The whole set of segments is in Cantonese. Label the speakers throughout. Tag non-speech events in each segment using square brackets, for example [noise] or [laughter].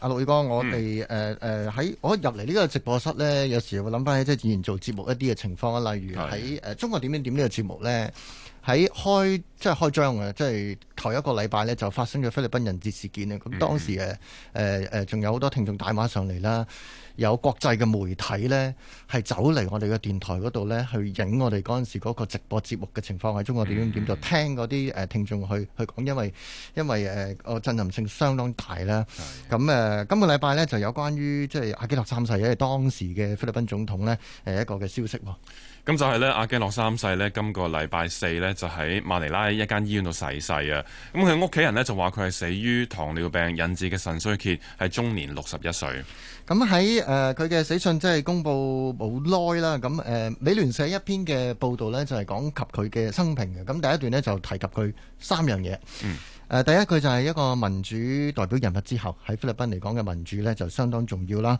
Speaker 1: 阿陸宇哥，我哋誒誒喺我一入嚟呢個直播室咧，有時會諗翻起即係以前做節目一啲嘅情況啊，例如喺誒《中國點點點》呢個節目咧。喺開即係開張啊！即係頭一個禮拜呢，就發生咗菲律賓人質事件啊！咁當時誒誒誒，仲、mm hmm. 呃、有好多聽眾打電話上嚟啦，有國際嘅媒體呢，係走嚟我哋嘅電台嗰度呢，去影我哋嗰陣時嗰個直播節目嘅情況喺中國點點點，就、mm hmm. 聽嗰啲誒聽眾去去講，因為因為誒個、呃、震撼性相當大啦。咁誒、mm hmm. 呃，今個禮拜呢，就有關於即係阿基諾三世，即係當時嘅菲律賓總統呢，誒、呃、一個嘅消息。
Speaker 2: 咁就係呢，阿基諾三世呢，今個禮拜四呢，就喺馬尼拉一間醫院度逝世啊！咁佢屋企人呢，就話佢係死於糖尿病引致嘅腎衰竭，係終年六十一歲。
Speaker 1: 咁喺誒佢嘅死訊即係公佈冇耐啦，咁誒、呃、美聯社一篇嘅報道呢，就係、是、講及佢嘅生平嘅。咁第一段呢，就提及佢三樣嘢。嗯。誒、呃，第一佢就係一個民主代表人物，之後喺菲律賓嚟講嘅民主呢，就相當重要啦。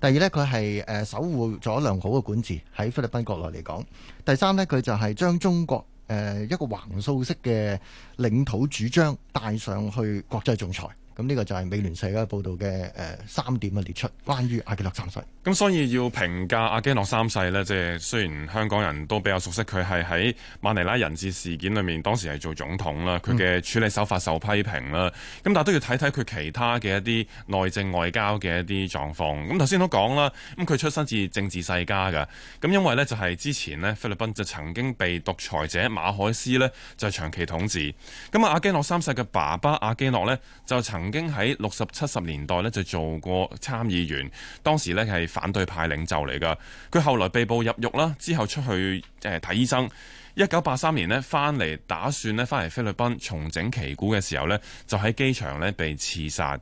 Speaker 1: 第二咧，佢係誒守護咗良好嘅管治，喺菲律賓國內嚟講。第三咧，佢就係將中國誒一個橫掃式嘅領土主張帶上去國際仲裁。咁呢、嗯這個就係美聯社嘅報道嘅誒、呃、三點啊，列出關於阿基諾三世。
Speaker 2: 咁所以要評價阿基諾三世呢，即係雖然香港人都比較熟悉佢係喺馬尼拉人質事件裏面當時係做總統啦，佢嘅、嗯、處理手法受批評啦。咁但係都要睇睇佢其他嘅一啲內政外交嘅一啲狀況。咁頭先都講啦，咁佢出身自政治世家㗎。咁因為呢，就係之前呢菲律賓就曾經被獨裁者馬海思呢，就長期統治。咁阿基諾三世嘅爸爸阿基諾呢，就曾曾經喺六十七十年代呢就做過參議員，當時呢係反對派領袖嚟㗎。佢後來被捕入獄啦，之後出去即係睇醫生。一九八三年呢，翻嚟打算呢翻嚟菲律賓重整旗鼓嘅時候呢就喺機場呢被刺殺。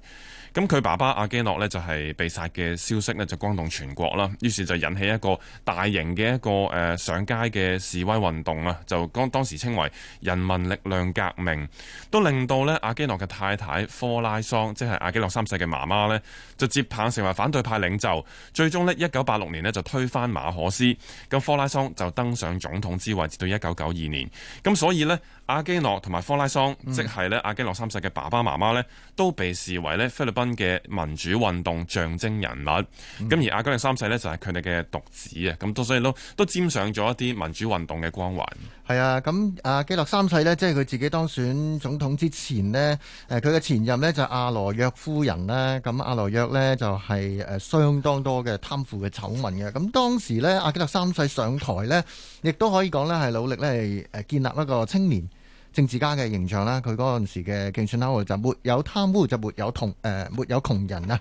Speaker 2: 咁佢爸爸阿基諾呢，就係被殺嘅消息呢，就轟動全國啦。於是就引起一個大型嘅一個誒上街嘅示威運動啊，就當當時稱為人民力量革命，都令到呢阿基諾嘅太太科拉桑，即係阿基諾三世嘅媽媽呢，就接棒成為反對派領袖。最終呢一九八六年呢，就推翻馬可斯，咁科拉桑就登上總統之位，直到一九九二年，咁所以呢。阿基諾同埋科拉桑，即係咧阿基諾三世嘅爸爸媽媽咧，嗯、都被視為咧菲律賓嘅民主運動象徵人物。咁、嗯、而阿基諾三世呢，就係佢哋嘅獨子啊，咁所以都都沾上咗一啲民主運動嘅光環。
Speaker 1: 係啊，咁、嗯、阿基諾三世呢，即係佢自己當選總統之前呢，誒佢嘅前任呢，就阿羅約夫人啦。咁、嗯、阿羅約呢，就係誒相當多嘅貪腐嘅醜聞嘅。咁、嗯、當時呢，阿基諾三世上台呢，亦都可以講呢，係努力咧係誒建立一個青年政治家嘅形象啦，佢嗰陣時嘅競選 p o 就沒有貪污，就沒有同誒、呃，沒有窮人啊，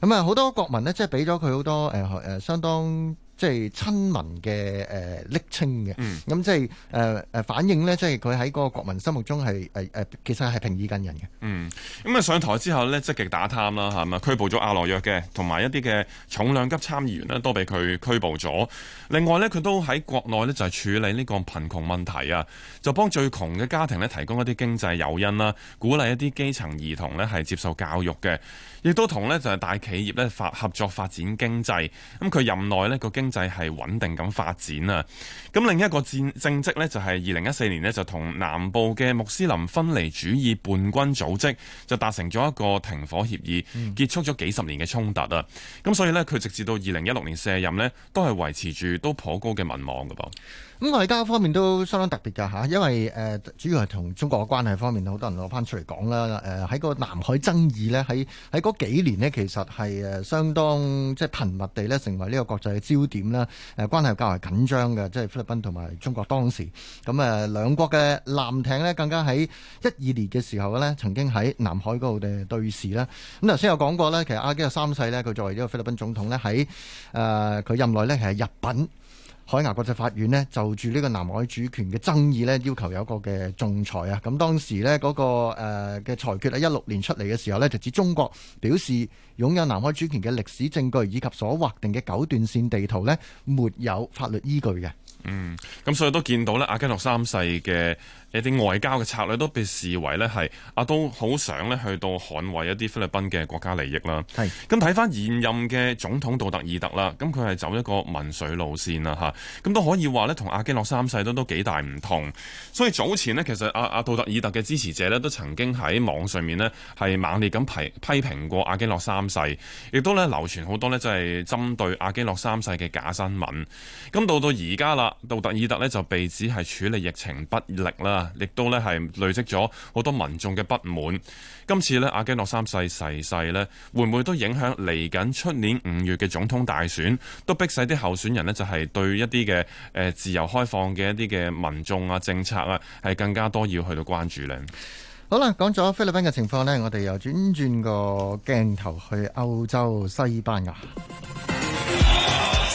Speaker 1: 咁啊好多國民咧，即係俾咗佢好多誒誒、呃呃、相當。即係親民嘅誒暱稱嘅，咁、呃嗯、即係誒誒反映咧，即係佢喺個國民心目中係誒誒，其實係平易近人嘅、
Speaker 2: 嗯。嗯，咁啊上台之後咧，積極打貪啦，係咪拘捕咗阿羅約嘅，同埋一啲嘅重量級參議員咧，都被佢拘捕咗。另外咧，佢都喺國內咧就係、是、處理呢個貧窮問題啊，就幫最窮嘅家庭咧提供一啲經濟誘因啦，鼓勵一啲基層兒童咧係接受教育嘅。亦都同咧就係大企業咧發合作發展經濟，咁佢任內咧個經濟係穩定咁發展啊！咁另一個戰政績咧就係二零一四年咧就同南部嘅穆斯林分離主義叛軍組織就達成咗一個停火協議，嗯、結束咗幾十年嘅衝突啊！咁所以呢，佢直至到二零一六年卸任咧都係維持住都頗高嘅民望㗎噃。
Speaker 1: 咁外交方面都相當特別㗎吓，因為誒、呃、主要係同中國嘅關係方面，好多人攞翻出嚟講啦。誒、呃、喺個南海爭議呢。喺喺個嗰幾年呢，其實係誒相當即係頻密地咧，成為呢個國際嘅焦點啦。誒關係較為緊張嘅，即係菲律賓同埋中國當時。咁誒兩國嘅艦艇呢，更加喺一二年嘅時候呢，曾經喺南海嗰度嘅對峙啦。咁頭先有講過呢，其實阿基諾三世呢，佢作為呢個菲律賓總統呢，喺誒佢任內咧係日品。海牙國際法院呢，就住呢個南海主權嘅爭議呢，要求有一個嘅仲裁啊。咁當時呢、那、嗰個嘅、呃、裁決喺一六年出嚟嘅時候呢，就指中國表示擁有南海主權嘅歷史證據，以及所劃定嘅九段線地圖呢，沒有法律依據嘅。
Speaker 2: 嗯，咁所以都見到咧，阿基諾三世嘅一啲外交嘅策略都被視為咧係阿都好想咧去到捍衞一啲菲律賓嘅國家利益啦。係是，咁睇翻現任嘅總統杜特爾特啦，咁佢係走一個民粹路線啦嚇，咁、啊、都可以話咧同阿基諾三世都都幾大唔同。所以早前呢，其實阿、啊、阿杜特爾特嘅支持者咧都曾經喺網上面呢，係猛烈咁批批評過阿基諾三世，亦都咧流傳好多呢，就係、是、針對阿基諾三世嘅假新聞。咁到到而家啦。杜特爾特咧就被指係處理疫情不力啦，亦都咧係累積咗好多民眾嘅不滿。今次咧阿基諾三世逝世咧，會唔會都影響嚟緊出年五月嘅總統大選，都逼使啲候選人咧就係、是、對一啲嘅誒自由開放嘅一啲嘅民眾啊政策啊係更加多要去到關注
Speaker 1: 咧。好啦，講咗菲律賓嘅情況咧，我哋又轉轉個鏡頭去歐洲西班牙。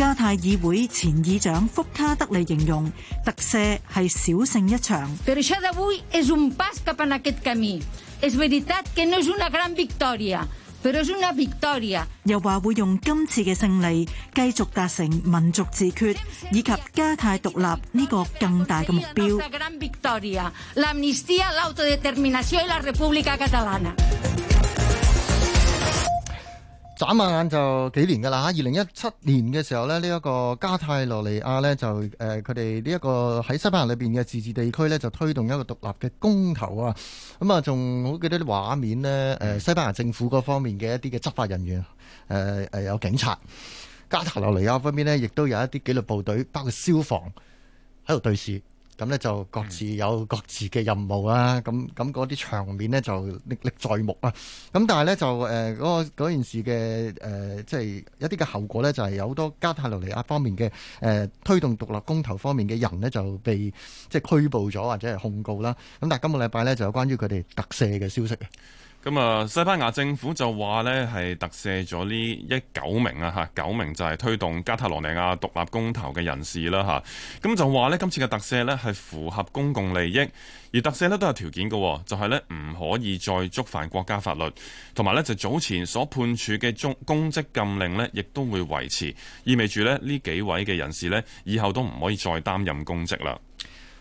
Speaker 1: 加泰議會前議長福卡德利形容特赦係小勝
Speaker 3: 一場，又話會用今次嘅勝利繼續達成民族自決以及加泰獨立呢個更大嘅目標。
Speaker 1: 眨下眼就幾年噶啦嚇，二零一七年嘅時候呢，呢、這、一個加泰羅尼亞呢，就誒佢哋呢一個喺西班牙裏邊嘅自治地區呢，就推動一個獨立嘅公投啊！咁、嗯、啊，仲好記得啲畫面呢，誒、呃、西班牙政府嗰方面嘅一啲嘅執法人員，誒、呃、誒有警察，加泰羅尼亞方面呢，亦都有一啲紀律部隊，包括消防喺度對峙。咁呢就各自有各自嘅任務啦，咁咁嗰啲場面呢就歷歷在目啊！咁但係呢，就誒嗰件事嘅誒、呃，即係一啲嘅後果呢，就係有好多加泰羅尼亞方面嘅誒、呃、推動獨立公投方面嘅人呢，就被即係拘捕咗或者係控告啦。咁但係今個禮拜呢，就有關於佢哋特赦嘅消息。
Speaker 2: 咁啊，西班牙政府就話呢係特赦咗呢一九名啊吓，九名就係推動加泰羅尼亞獨立公投嘅人士啦吓。咁就話咧今次嘅特赦咧係符合公共利益，而特赦咧都有條件嘅，就係咧唔可以再觸犯國家法律，同埋呢就早前所判處嘅中公職禁令呢，亦都會維持，意味住咧呢幾位嘅人士呢，以後都唔可以再擔任公職啦。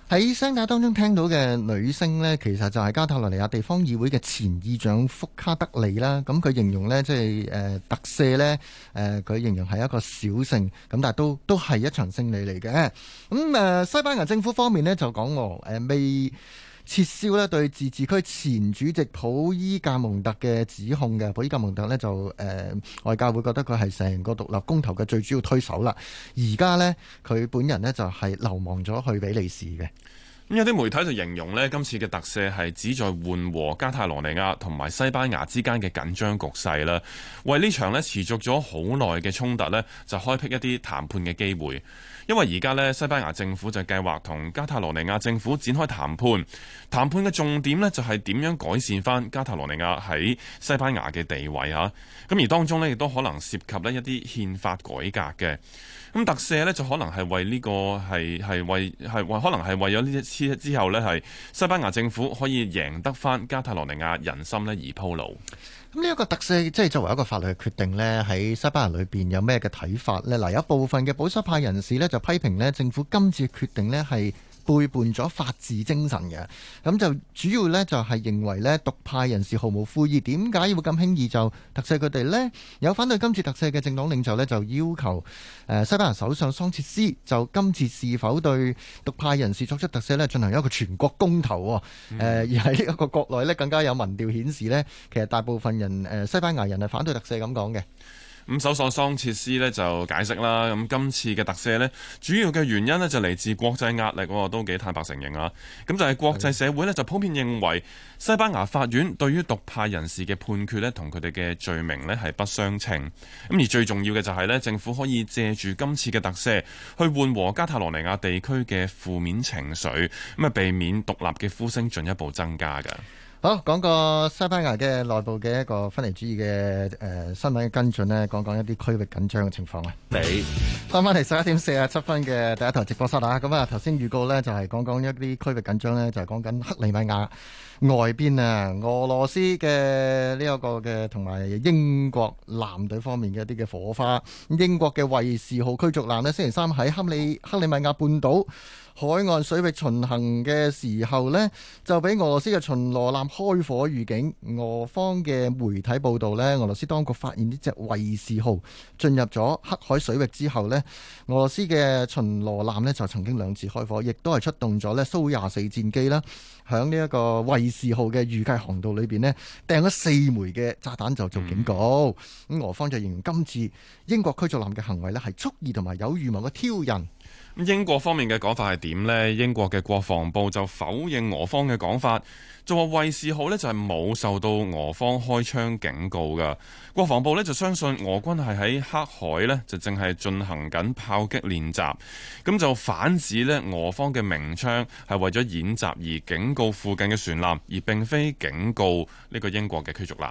Speaker 1: 喺商界當中聽到嘅女聲呢，其實就係加泰羅尼亞地方議會嘅前議長福卡德里啦。咁佢形容呢，即係誒特赦呢，誒、呃、佢形容係一個小勝，咁但係都都係一場勝利嚟嘅。咁、嗯、誒、呃、西班牙政府方面呢，就講我、呃、未。撤銷咧對自治區前主席普伊格蒙特嘅指控嘅，普伊格蒙特咧就誒、呃、外界會覺得佢係成個獨立公投嘅最主要推手啦。而家呢，佢本人呢就係流亡咗去比利時嘅。
Speaker 2: 咁、嗯、有啲媒體就形容呢，今次嘅特赦係旨在緩和加泰羅尼亞同埋西班牙之間嘅緊張局勢啦，為呢場咧持續咗好耐嘅衝突呢就開闢一啲談判嘅機會。因為而家咧，西班牙政府就計劃同加泰羅尼亞政府展開談判。談判嘅重點呢就係點樣改善翻加泰羅尼亞喺西班牙嘅地位吓。咁而當中呢，亦都可能涉及呢一啲憲法改革嘅。咁特赦呢，就可能係為呢、呢個係係為係為可能係為咗呢一次之後呢，係西班牙政府可以贏得翻加泰羅尼亞人心呢而鋪路。
Speaker 1: 咁呢一個特赦，即係作為一個法律嘅決定咧，喺西班牙裏邊有咩嘅睇法咧？嗱，有一部分嘅保守派人士咧，就批評咧，政府今次決定咧係，背叛咗法治精神嘅。咁就主要呢，就係、是、認為呢，獨派人士毫無悔意，點解會咁輕易就特赦佢哋呢？有反對今次特赦嘅政黨領袖呢，就要求誒、呃、西班牙首相桑切斯就今次是否對獨派人士作出特赦呢，進行一個全國公投誒、哦嗯呃，而喺呢一個國內呢，更加有民調顯示呢，其實大部分人誒、呃、西班牙人係反對特赦咁講嘅。
Speaker 2: 咁首相桑切斯咧就解釋啦，咁今次嘅特赦咧主要嘅原因咧就嚟自國際壓力喎，我都幾坦白承認啊。咁就係國際社會咧就普遍認為西班牙法院對於獨派人士嘅判決咧同佢哋嘅罪名咧係不相稱。咁而最重要嘅就係咧政府可以借住今次嘅特赦去緩和加泰羅尼亞地區嘅負面情緒，咁啊避免獨立嘅呼聲進一步增加嘅。
Speaker 1: 好，講個西班牙嘅內部嘅一個分離主義嘅誒、呃、新聞嘅跟進咧，講講一啲區域緊張嘅情況啊。你翻翻嚟十一點四啊七分嘅第一台直播室啦。咁啊，頭先預告呢就係講講一啲區域緊張呢就係講緊克里米亞外邊啊，俄羅斯嘅呢一個嘅同埋英國艦隊方面嘅一啲嘅火花。英國嘅衛士號驅逐艦呢，星期三喺克里克里米亞半島.海岸水域巡行嘅時候呢，就俾俄羅斯嘅巡邏艦開火預警。俄方嘅媒體報導呢，俄羅斯當局發現呢隻衛士號進入咗黑海水域之後呢，俄羅斯嘅巡邏艦呢就曾經兩次開火，亦都係出動咗呢蘇廿四戰機啦，響呢一個衛士號嘅預計航道裏邊呢掟咗四枚嘅炸彈就做警告。咁俄方就形容今次英國驅逐艦嘅行為呢係蓄意同埋有預謀嘅挑釁。
Speaker 2: 英國方面嘅講法係點呢？英國嘅國防部就否認俄方嘅講法，就話衛士號呢就係冇受到俄方開槍警告噶。國防部呢就相信俄軍係喺黑海呢就正係進行緊炮擊練習，咁就反指咧俄方嘅鳴槍係為咗演習而警告附近嘅船艦，而並非警告呢個英國嘅驅逐艦。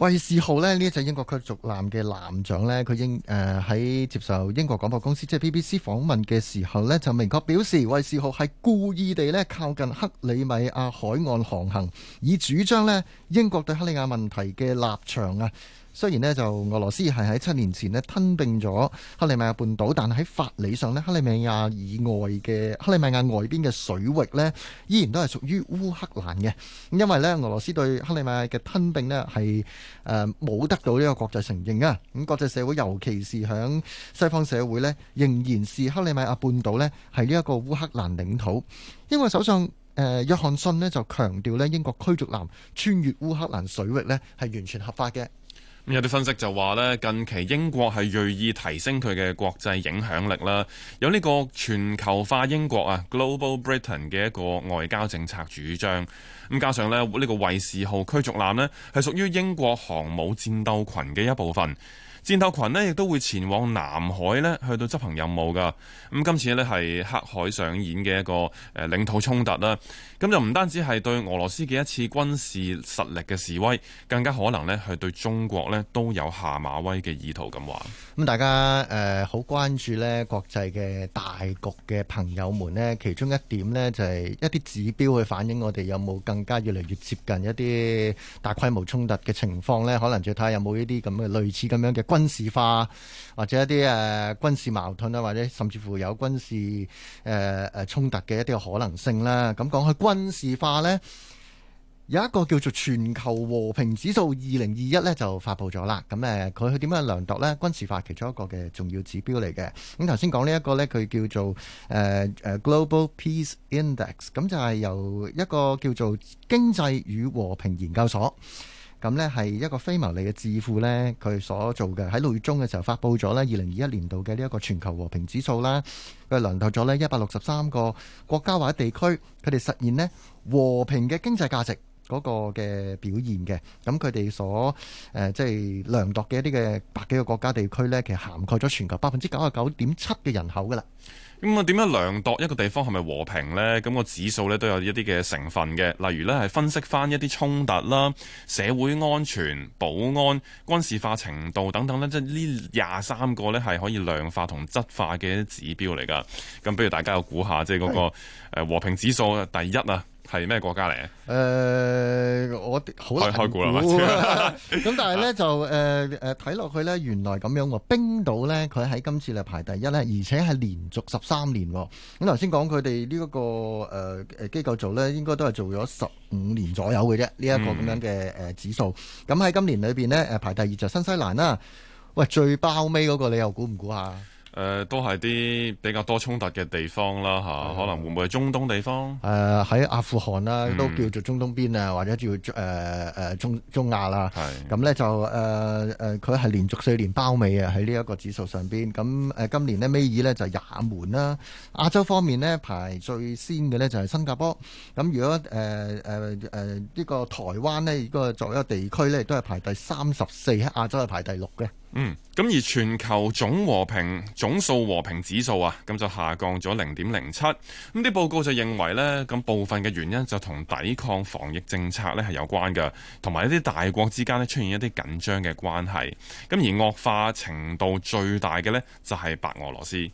Speaker 1: 衛士號呢，呢一隻英國驅逐艦嘅艦長呢，佢應誒喺接受英國廣播公司即係、就是、BBC 訪問嘅時候呢，就明確表示衛士號係故意地咧靠近克里米亞海岸航行，以主張呢英國對克里亞問題嘅立場啊。雖然呢就俄羅斯係喺七年前呢吞併咗克里米亞半島，但係喺法理上呢，克里米亞以外嘅克里米亞外邊嘅水域呢，依然都係屬於烏克蘭嘅。因為呢，俄羅斯對克里米亞嘅吞併呢係誒冇得到呢個國際承認啊。咁國際社會，尤其是響西方社會呢，仍然是克里米亞半島呢係呢一個烏克蘭領土。因為首相誒約翰遜呢就強調呢，英國驅逐艦穿越烏克蘭水域呢係完全合法嘅。
Speaker 2: 有啲分析就話咧，近期英國係鋭意提升佢嘅國際影響力啦，有呢個全球化英國啊 （Global Britain） 嘅一個外交政策主張。咁加上咧，呢個衛士號驅逐艦咧係屬於英國航母戰鬥群嘅一部分。戰鬥群呢亦都會前往南海呢，去到執行任務噶。咁、嗯、今次呢係黑海上演嘅一個誒、呃、領土衝突啦、啊。咁、嗯、就唔單止係對俄羅斯嘅一次軍事實力嘅示威，更加可能呢係對中國呢都有下馬威嘅意圖咁話。
Speaker 1: 咁、嗯、大家誒好、呃、關注呢國際嘅大局嘅朋友們呢，其中一點呢就係、是、一啲指標去反映我哋有冇更加越嚟越接近一啲大規模衝突嘅情況呢，可能就睇下有冇一啲咁嘅類似咁樣嘅軍。軍事化或者一啲誒、呃、軍事矛盾啊，或者甚至乎有軍事誒誒衝突嘅一啲可能性啦。咁、嗯、講開軍事化呢，有一個叫做全球和平指數二零二一呢就發布咗啦。咁、嗯、誒，佢點樣量度呢？軍事化其中一個嘅重要指標嚟嘅。咁頭先講呢一個呢，佢叫做誒誒、呃 uh, Global Peace Index，咁、嗯、就係、是、由一個叫做經濟與和平研究所。咁呢係一個非牟利嘅智庫呢，佢所做嘅，喺六月中嘅時候發佈咗呢二零二一年度嘅呢一個全球和平指數啦，佢量度咗呢一百六十三個國家或者地區，佢哋實現呢和平嘅經濟價值嗰個嘅表現嘅。咁佢哋所誒即係量度嘅一啲嘅百幾個國家地區呢，其實涵蓋咗全球百分之九十九點七嘅人口噶啦。
Speaker 2: 咁啊，點樣量度一個地方係咪和平呢？咁個指數咧都有一啲嘅成分嘅，例如咧係分析翻一啲衝突啦、社會安全、保安、軍事化程度等等咧，即係呢廿三個咧係可以量化同質化嘅一啲指標嚟㗎。咁，不如大家有估下即係嗰個誒和平指數第一啊？
Speaker 1: 係咩國家嚟？誒、呃，我好開估啦，咁 [laughs] 但係咧就誒誒睇落去咧，原來咁樣，冰島咧佢喺今次咧排第一咧，而且係連續十三年。咁頭先講佢哋呢一個誒誒機構做咧，應該都係做咗十五年左右嘅啫。呢、這、一個咁樣嘅誒指數，咁喺、嗯、今年裏邊咧誒排第二就新西蘭啦。喂，最包尾嗰個你又估唔估下？
Speaker 2: 誒、呃、都係啲比較多衝突嘅地方啦嚇，啊嗯、可能會唔會係中東地方？
Speaker 1: 誒喺、呃、阿富汗啦，都叫做中東邊啊，或者叫誒誒、呃、中中亞啦。係咁咧就誒誒，佢、呃、係、呃、連續四年包尾啊喺呢一個指數上邊。咁、嗯、誒、呃、今年呢，尾二呢就係、也門啦。亞洲方面呢，排最先嘅呢就係、是、新加坡。咁、嗯、如果誒誒誒呢個台灣呢，如、這、果、個、作為一個地區咧，都係排第三十四，亞洲係排第六嘅。
Speaker 2: 嗯，咁而全球總和平總數和平指數啊，咁就下降咗零點零七，咁、嗯、啲報告就認為呢，咁部分嘅原因就同抵抗防疫政策呢係有關嘅，同埋一啲大國之間呢出現一啲緊張嘅關係，咁、嗯、而惡化程度最大嘅呢，就係、是、白俄羅斯。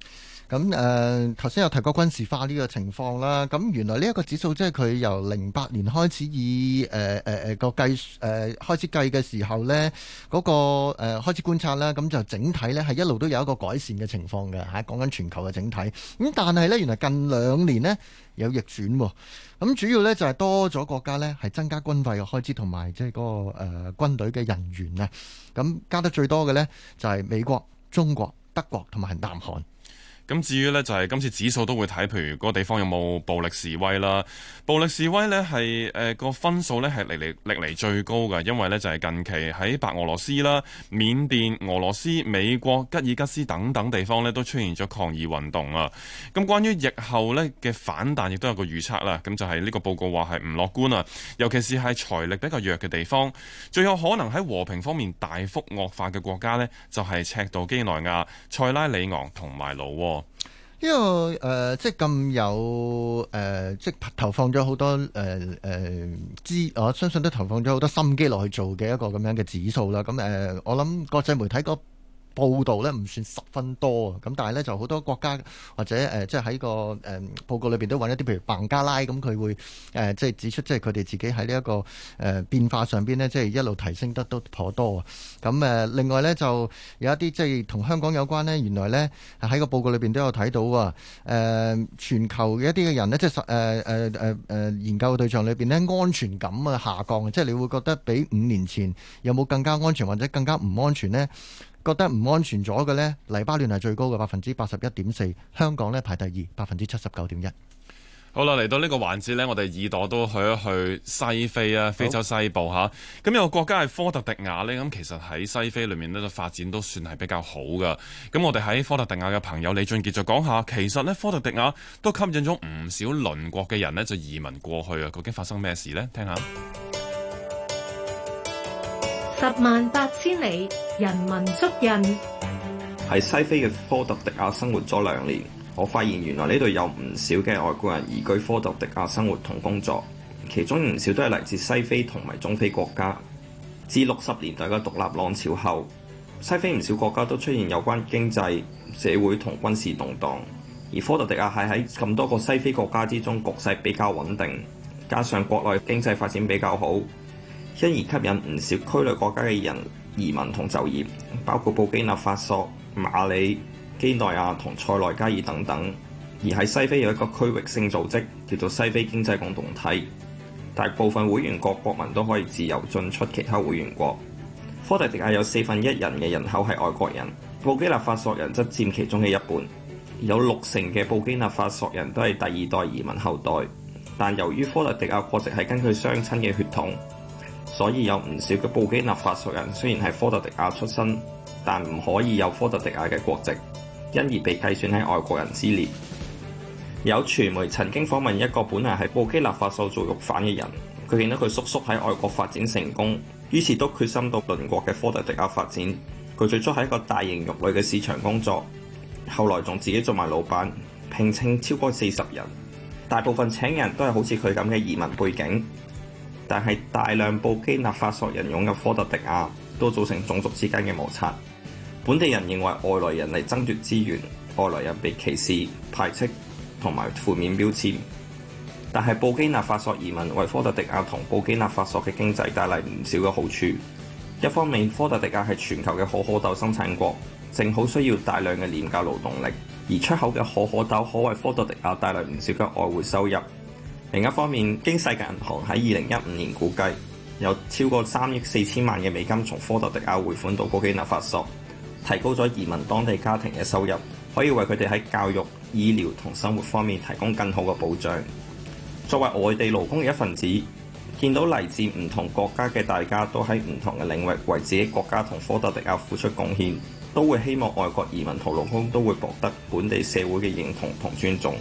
Speaker 1: 咁誒頭先有提過軍事化呢個情況啦，咁原來呢一個指數即係佢由零八年開始以誒誒誒個計誒、呃、開始計嘅時候呢，嗰、那個誒、呃、開始觀察啦。咁、嗯、就整體呢，係一路都有一個改善嘅情況嘅嚇、啊，講緊全球嘅整體。咁、嗯、但係呢，原來近兩年呢，有逆轉喎、哦，咁、嗯、主要呢，就係、是、多咗國家呢，係增加軍費嘅開支同埋即係嗰個誒、呃、軍隊嘅人員咧，咁、嗯、加得最多嘅呢，就係、是、美國、中國、德國同埋南韓。
Speaker 2: 咁至於呢，就係今次指數都會睇，譬如個地方有冇暴力示威啦。暴力示威呢係誒個分數呢係歷嚟歷嚟最高嘅，因為呢就係近期喺白俄羅斯啦、緬甸、俄羅斯、美國、吉爾吉斯等等地方呢都出現咗抗議運動啊。咁關於疫後呢嘅反彈，亦都有個預測啦。咁就係、是、呢個報告話係唔樂觀啊，尤其是係財力比較弱嘅地方，最有可能喺和平方面大幅惡化嘅國家呢，就係赤道幾內亞、塞拉利昂同埋盧
Speaker 1: 呢個誒，即係咁有誒、呃，即係投放咗好多誒誒資，我相信都投放咗好多心機落去做嘅一個咁樣嘅指數啦。咁誒、呃，我諗國際媒體個報道呢唔算十分多啊，咁但係呢就好多國家或者誒，即係喺個誒報告裏邊都揾一啲，譬如孟加拉咁，佢會誒即係指出，即係佢哋自己喺呢一個誒變化上邊呢，即係一路提升得都頗多啊。咁誒另外呢，就有一啲即係同香港有關呢，原來呢喺個報告裏邊都有睇到啊。誒全球嘅一啲嘅人呢，即係誒誒誒誒研究對象裏邊呢，安全感啊下降，即係你會覺得比五年前有冇更加安全或者更加唔安全呢？覺得唔安全咗嘅呢，黎巴嫩係最高嘅，百分之八十一點四，香港呢，排第二，百分之七十九點一。
Speaker 2: 好啦，嚟到呢個環節呢，我哋耳朵都去一去西非啊，非洲西部吓。咁有好、啊、個國家係科特迪瓦呢，咁其實喺西非裏面呢，發展都算係比較好噶。咁我哋喺科特迪瓦嘅朋友李俊杰就講下，其實呢，科特迪瓦都吸引咗唔少鄰國嘅人呢，就移民過去啊。究竟發生咩事呢？聽下。
Speaker 1: 十
Speaker 3: 萬八千里，人文足印。喺西非嘅科特迪瓦生活咗兩年，我發現原來呢度有唔少嘅外國人移居科特迪瓦生活同工作，其中唔少都係嚟自西非同埋中非國家。自六十年代嘅獨立浪潮後，西非唔少國家都出現有關經濟、社會同軍事動盪，而科特迪瓦係喺咁多個西非國家之中局勢比較穩定，加上國內經濟發展比較好。因而吸引唔少區內國家嘅人移民同就業，包括布基納法索、馬里、幾內亞同塞內加爾等等。而喺西非有一個區域性組織，叫做西非經濟共同體。大部分會員國國民都可以自由進出其他會員國。科特迪瓦有四分一人嘅人口係外國人，布基納法索人則佔其中嘅一半。有六成嘅布基納法索人都係第二代移民後代，但由於科特迪瓦國籍係根據雙親嘅血統。所以有唔少嘅布基納法索人，雖然係科特迪瓦出身，但唔可以有科特迪瓦嘅國籍，因而被計算喺外國人之列。有傳媒曾經訪問一個本嚟係布基納法索做肉販嘅人，佢見到佢叔叔喺外國發展成功，於是都決心到鄰國嘅科特迪瓦發展。佢最初喺一個大型肉類嘅市場工作，後來仲自己做埋老闆，聘請超過四十人，大部分請人都係好似佢咁嘅移民背景。但係大量布基納法索人湧入科特迪瓦，都造成種族之間嘅摩擦。本地人認為外來人嚟爭奪資源，外來人被歧視、排斥同埋負面標籤。但係布基納法索移民為科特迪瓦同布基納法索嘅經濟帶嚟唔少嘅好處。一方面，科特迪瓦係全球嘅可可豆生產國，正好需要大量嘅廉價勞動力，而出口嘅可可豆可為科特迪瓦帶嚟唔少嘅外匯收入。另一方面，經世界銀行喺二零一五年估計，有超過三億四千萬嘅美金從科特迪瓦匯款到高吉納法索，提高咗移民當地家庭嘅收入，可以為佢哋喺教育、醫療同生活方面提供更好嘅保障。作為外地勞工嘅一份子，見到嚟自唔同國家嘅大家都喺唔同嘅領域為自己國家同科特迪瓦付出貢獻，都會希望外國移民同勞工都會博得本地社會嘅認同同尊重。